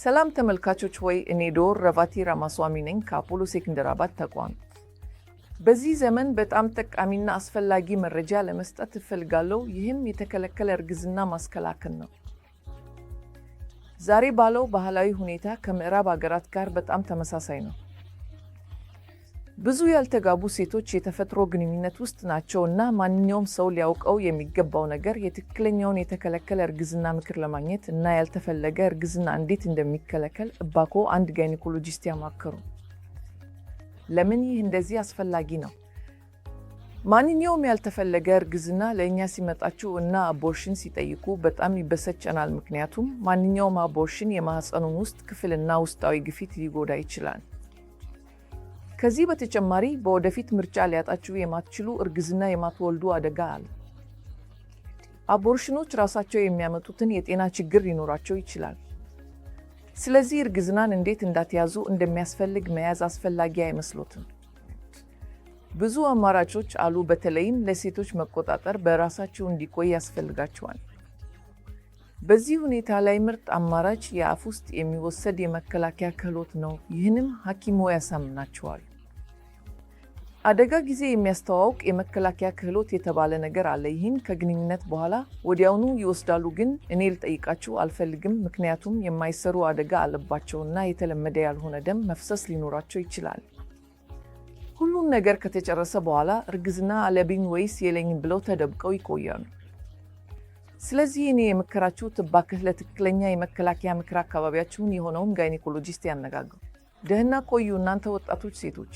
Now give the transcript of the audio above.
ሰላም ተመልካቾች፣ ወይ እኔ ዶር ረቫቲ ራማስዋሚ ነኝ ከአፖሎ ሴኮንደራባድ ተቋም። በዚህ ዘመን በጣም ጠቃሚና አስፈላጊ መረጃ ለመስጠት እፈልጋለሁ። ይህም የተከለከለ እርግዝና ማስከላከል ነው። ዛሬ ባለው ባህላዊ ሁኔታ ከምዕራብ ሀገራት ጋር በጣም ተመሳሳይ ነው። ብዙ ያልተጋቡ ሴቶች የተፈጥሮ ግንኙነት ውስጥ ናቸው እና ማንኛውም ሰው ሊያውቀው የሚገባው ነገር የትክክለኛውን የተከለከለ እርግዝና ምክር ለማግኘት እና ያልተፈለገ እርግዝና እንዴት እንደሚከለከል እባክዎ አንድ ጋይኒኮሎጂስት ያማክሩ። ለምን ይህ እንደዚህ አስፈላጊ ነው? ማንኛውም ያልተፈለገ እርግዝና ለእኛ ሲመጣችው እና አቦርሽን ሲጠይቁ በጣም ይበሰጨናል፣ ምክንያቱም ማንኛውም አቦርሽን የማህፀኑን ውስጥ ክፍልና ውስጣዊ ግፊት ሊጎዳ ይችላል። ከዚህ በተጨማሪ በወደፊት ምርጫ ሊያጣችሁ የማትችሉ እርግዝና የማትወልዱ አደጋ አለ። አቦርሽኖች ራሳቸው የሚያመጡትን የጤና ችግር ሊኖራቸው ይችላል። ስለዚህ እርግዝናን እንዴት እንዳትያዙ እንደሚያስፈልግ መያዝ አስፈላጊ አይመስሎትም? ብዙ አማራጮች አሉ። በተለይም ለሴቶች መቆጣጠር በራሳቸው እንዲቆይ ያስፈልጋቸዋል። በዚህ ሁኔታ ላይ ምርጥ አማራጭ የአፍ ውስጥ የሚወሰድ የመከላከያ ክህሎት ነው። ይህንም ሐኪሞ ያሳምናቸዋል። አደጋ ጊዜ የሚያስተዋውቅ የመከላከያ ክህሎት የተባለ ነገር አለ። ይህን ከግንኙነት በኋላ ወዲያውኑ ይወስዳሉ። ግን እኔ ልጠይቃችሁ አልፈልግም፣ ምክንያቱም የማይሰሩ አደጋ አለባቸውና የተለመደ ያልሆነ ደም መፍሰስ ሊኖራቸው ይችላል። ሁሉም ነገር ከተጨረሰ በኋላ እርግዝና አለብኝ ወይስ የለኝም ብለው ተደብቀው ይቆያሉ። ስለዚህ እኔ የምክራችሁ ትባክህ ለትክክለኛ የመከላከያ ምክር አካባቢያችሁን የሆነውን ጋይኒኮሎጂስት ያነጋግሩ። ደህና ቆዩ እናንተ ወጣቶች ሴቶች።